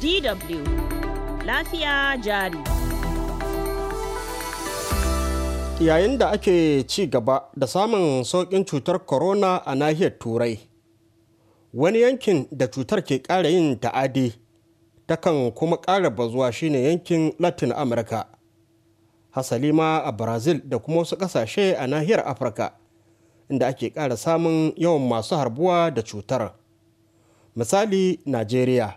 DW lafiya jari. Yayin da ake ci gaba da samun sauƙin cutar corona a nahiyar Turai, wani yankin da cutar ke ƙara yin ta'adi takan kuma ƙara bazuwa shine yankin Latin Amurka. Hasali ma a Brazil da kuma wasu ƙasashe a nahiyar Afirka, inda ake ƙara samun yawan masu harbuwa da cutar. misali Najeriya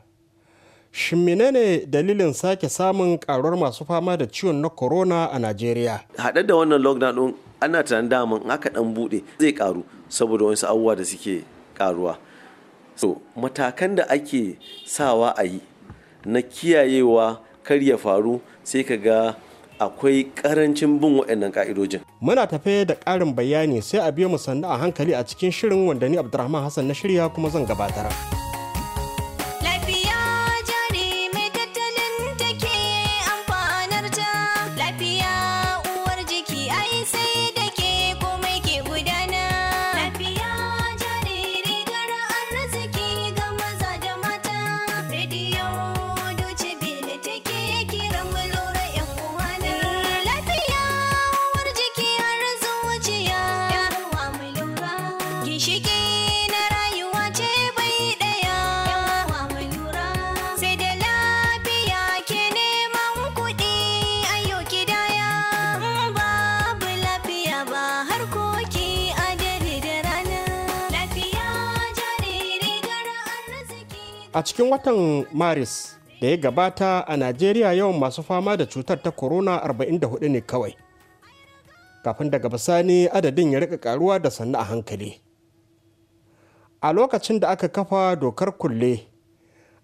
Shin menene dalilin sake samun karuwar masu fama da ciwon na corona a Najeriya? Haɗe da wannan lockdown ɗin ana tunanin daman in aka ɗan buɗe zai karu saboda wasu abubuwa da suke karuwa. So matakan da ake sawa a yi na kiyayewa kar ya faru sai ka ga akwai karancin bin waɗannan ka'idojin. Muna tafe da ƙarin bayani sai a biyo mu sannu a hankali a cikin shirin wanda ni Abdulrahman Hassan na shirya kuma zan gabatar. a cikin watan maris da ya gabata a najeriya yawan masu fama da cutar ta corona 44 ne kawai kafin daga bisani adadin ya rika karuwa da sannu a hankali a lokacin da aka kafa dokar kulle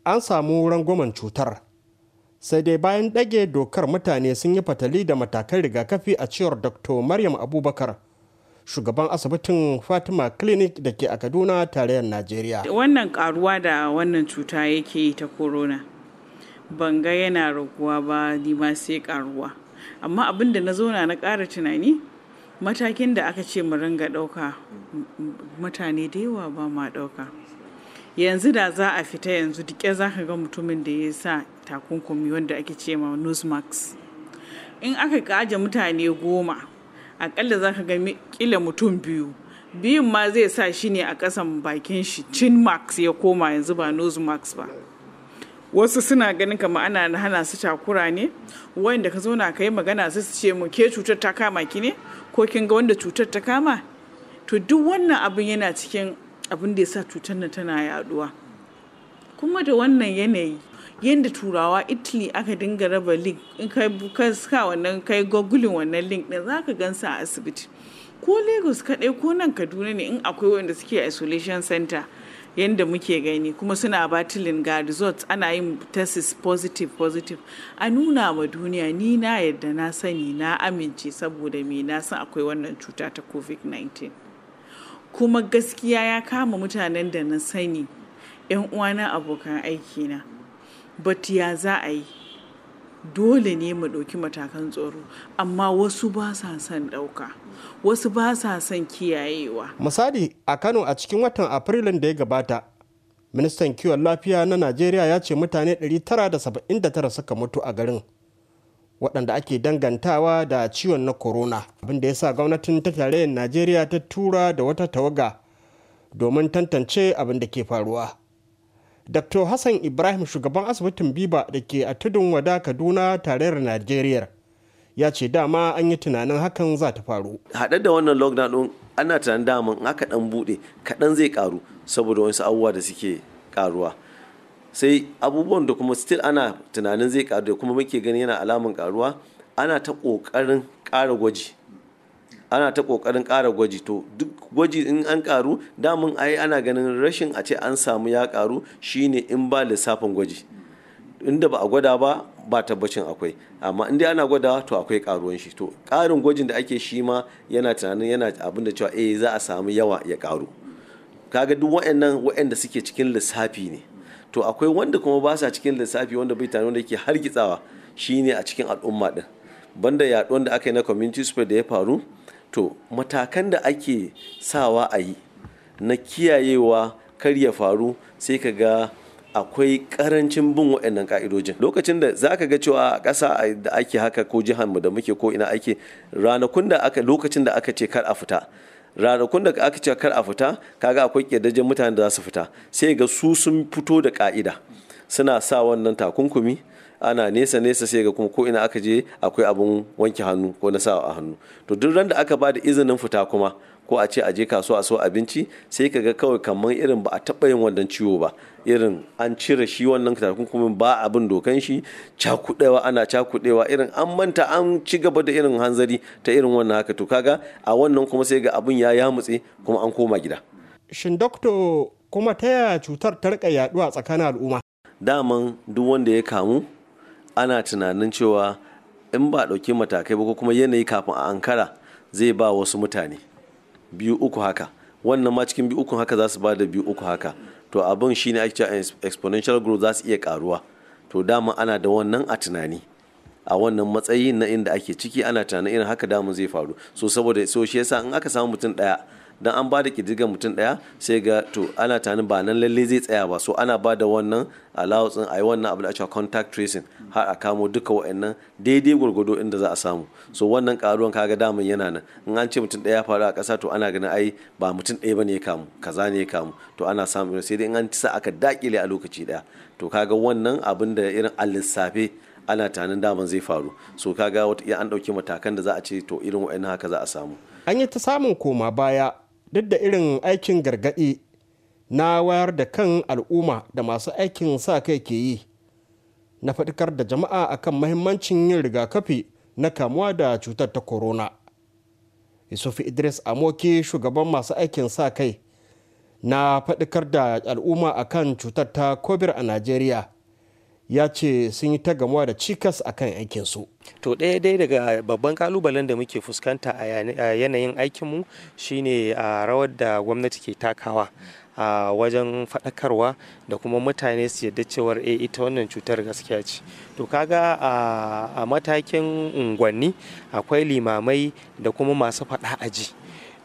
an samu rangwamen cutar sai dai bayan ɗage dokar mutane sun yi fatali da matakan rigakafi a cewar dr maryam abubakar shugaban asibitin fatima clinic da ke a kaduna tarayyar najeriya wannan karuwa da wannan cuta yake ta corona ban ga yana raguwa ba ma sai karuwa amma abin da na zauna na kara tunani matakin da aka ce mu ringa ɗauka mutane da yawa ba ma ɗauka yanzu da za a fita yanzu duke za ka ga mutumin da ya sa takunkumi wanda ake ce ma nose mask in aka kaje mutane goma akalla za ka ga kila mutum biyu biyun ma zai sa shi ne a kasan bakin shi chin max ya koma yanzu ba nose max ba wasu suna ganin kama ana hana su takura ne wanda ka zauna ka yi magana su ce mu ke cutar ta kama ki ne ko kin ga wanda cutar ta kama to duk wannan abin yana cikin abin da ya sa cutar nan tana yaduwa kuma da wannan yanayi yadda turawa italy aka dinga raba link in kai ka wannan kai gogulin wannan link din zaka sa a asibiti ko lagos kadai ko nan kaduna ne in akwai wanda suke isolation center yadda muke gani kuma suna batilin ga resorts ana yin tesis positive positive a nuna ma duniya ni na yadda na sani na amince saboda me na san akwai wannan cuta ta covid-19 kuma gaskiya ya kama mutanen da na sani 'yan uwana abokan aiki na. But ya za a yi? Dole ne mu ɗauki matakan tsoro, amma wasu ba sa son ɗauka, wasu ba sa son kiyayewa. Misali, a Kano a cikin watan Afrilun da ya gabata, ministan kiwon lafiya na Najeriya ya ce mutane 979 suka mutu a garin. waɗanda ake dangantawa da ciwon na corona abinda ya sa gwamnatin ta tarayyar najeriya ta tura da wata tawaga domin tantance abin da ke faruwa dr hassan ibrahim shugaban asibitin biba da ke a tudun wada kaduna tarayyar najeriya ya ce dama an yi tunanin hakan za ta faru haɗe da wannan lockdown ɗin ana tunanin dama in aka ɗan buɗe kaɗan zai ƙaru saboda wasu abubuwa da suke ƙaruwa sai abubuwan da kuma still ana tunanin zai ƙaru da kuma muke gani yana alamun ƙaruwa ana ta ƙoƙarin ƙara gwaji ana ta kokarin ƙara gwaji to duk gwaji in an karu damun ai ana ganin rashin a ce an samu ya karu shine in ba lissafin gwaji inda ba a gwada ba ba tabbacin akwai amma inda ana gwada to akwai karuwan shi to karin gwajin da ake shi ma yana tunanin yana abin da cewa eh za a samu yawa ya karu kaga duk waɗannan waɗanda suke cikin lissafi ne to akwai wanda kuma ba sa cikin lissafi wanda bai tunanin da yake hargitsawa shine a cikin al'umma din banda yaɗuwan da aka yi na community spread da ya faru to matakan da ake sawa a yi na kiyayewa kar ya faru sai ka ga akwai karancin bin waɗannan ka'idojin lokacin da za ka ga cewa a ƙasa da ake haka ko jihar mu da muke ko ina ake ranakun da aka lokacin da aka ce kar a fita ranakun da aka ce kar a fita kaga akwai ƙidajen mutane da za su fita sai ga su sun fito da ka'ida suna sa wannan takunkumi ana nesa nesa sai ga kuma ko ina aka je akwai abun wanke hannu ko na sawa a hannu to duk ran da aka ba da izinin fita kuma ko a ce a je kasuwa a so abinci sai ka ga kawai kamar irin ba a taɓa yin wannan ciwo ba irin an cire shi wannan takunkumin ba abin dokan shi cakudewa ana cakudewa irin an manta an ci gaba da irin hanzari ta irin wannan haka to kaga a wannan kuma sai ga abin ya yamutse kuma an koma gida shin dokto kuma ta yaya cutar ta rika yaduwa tsakanin al'umma daman duk wanda ya kamu ana tunanin cewa in ba a ɗauki matakai ba ko kuma yanayi kafin a ankara zai ba wasu mutane biyu uku haka wannan ma cikin biyu uku haka za su ba da biyu uku haka to abin ne ake exponential growth za su iya karuwa to dama ana da wannan a tunani a wannan matsayi na inda ake ciki ana tunanin irin haka dama zai faru so saboda so shi yasa in aka samu mutum ɗaya. dan an ba da ƙididdigar mutum ɗaya sai ga to ana tunanin ba nan lalle zai tsaya ba so ana ba da wannan allowance a yi wannan abu da cewa contact tracing har a kamo duka wa'annan daidai gwargwado inda za a samu so wannan karuwan kaga daman yana nan in an ce mutum daya ya faru a kasa to ana ganin ai ba mutum ɗaya bane ya kamu kaza ne ya kamu to ana samu sai dai in an sa aka dakile a lokaci daya to kaga wannan abin da irin alissafe ana tanin daman zai faru so kaga wata iya an dauki matakan da za a ce to irin wa'annan haka za a samu an yi ta samun koma baya duk da irin aikin gargaɗi na wayar da kan al'umma da masu aikin sa kai ke yi na faɗikar da jama'a akan mahimmancin yin rigakafi na kamuwa da cutar ta corona yusuf idris amoki shugaban masu aikin sa kai na faɗikar da al'umma akan cutar ta covid a najeriya ya ce sun yi ta gamuwa da cikas a kan aikinsu. To ɗaya dai daga babban kalubalen da muke fuskanta a yanayin aikinmu shine a rawar da gwamnati ke takawa. a wajen faɗakarwa da kuma mutane su yadda cewar e ita wannan cutar gaskiya ce to kaga a matakin unguwanni akwai limamai da kuma masu faɗa aji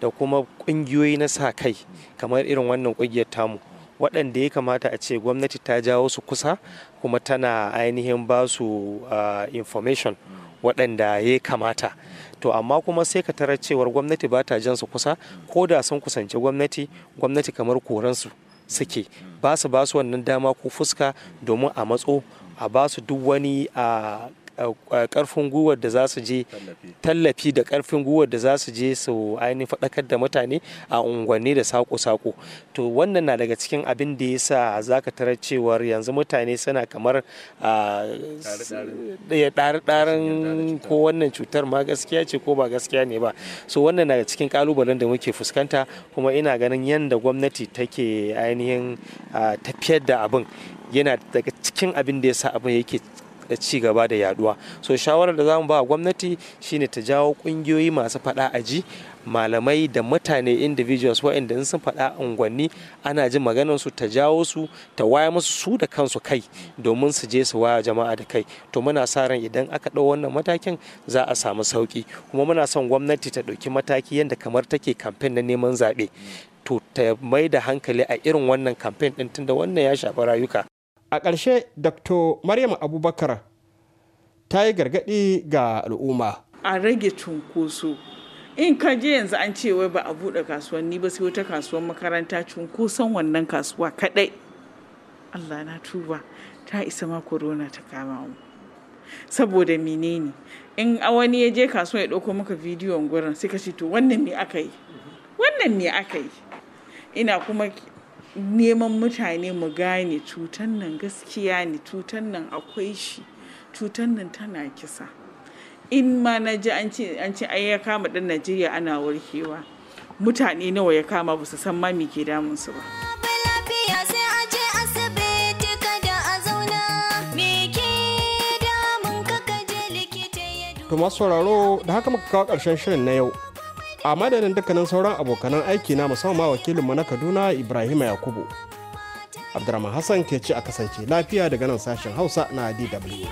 da kuma ƙungiyoyi na sa kai kamar irin wannan ƙungiyar tamu waɗanda ya kamata a ce gwamnati ta jawo su kusa kuma tana ainihin ba su ah, information waɗanda ya kamata to amma kuma sai ka tarar cewar gwamnati ba ta su kusa ko da sun kusanci gwamnati gwamnati kamar koransu suke ba su ba su wannan dama ko fuska domin a matso a ba su duk wani a ah, karfin guwar da za su je tallafi da karfin guwar da za su je su ainihin faɗakar da mutane a unguwanni da sako-sako to wannan na daga cikin abin da ya sa za ka tarar cewar yanzu mutane suna kamar ɗari-ɗarin ko wannan cutar ma gaskiya ce ko ba gaskiya ne ba so wannan na cikin kalubalen da muke fuskanta kuma ina ganin yadda gwamnati take ainihin tafiyar da abin yana daga cikin abin da ya sa abin yake da eh, ci gaba da yaduwa so shawarar da za mu ba gwamnati shine ta jawo kungiyoyi masu fada aji malamai da mutane individuals waɗanda sun faɗa unguwanni ana ji maganar su ta jawo su ta waya musu su da kansu kai domin su je su waya jama'a da kai to muna sa ran idan aka ɗau wannan matakin za a samu sauki kuma muna son gwamnati ta ɗauki mataki yadda kamar take kamfen na neman zaɓe to ta mai da hankali a irin wannan kamfen ɗin tunda wannan ya shafi rayuka a ƙarshe dr maryam abubakar ta yi gargaɗi ga al'umma a rage cunkoso in ka je yanzu an ce wai ba a buɗe kasuwanni ba sai wata kasuwar makaranta cunkoson wannan kasuwa kaɗai allah na tuba ta isa ma korona ta kama mu saboda menene in wani ya je kasuwa ya ɗauko maka bidiyon gurin sai ka ce to wannan me aka yi wannan me aka yi ina kuma neman mutane mu gane cutan nan gaskiya ne cutan nan akwai shi cutan nan tana kisa in ma na ji an ce an ya kama ɗan najeriya ana warkewa mutane nawa ya kama ba su san ma me ke su ba To masu sauraro da haka muka kawo ƙarshen shirin na yau a madadin dukkanin sauran abokanan aiki na musamman wakilinmu na kaduna ibrahim yakubu abdurrahman hassan ke ci a kasance lafiya daga nan sashen hausa na dw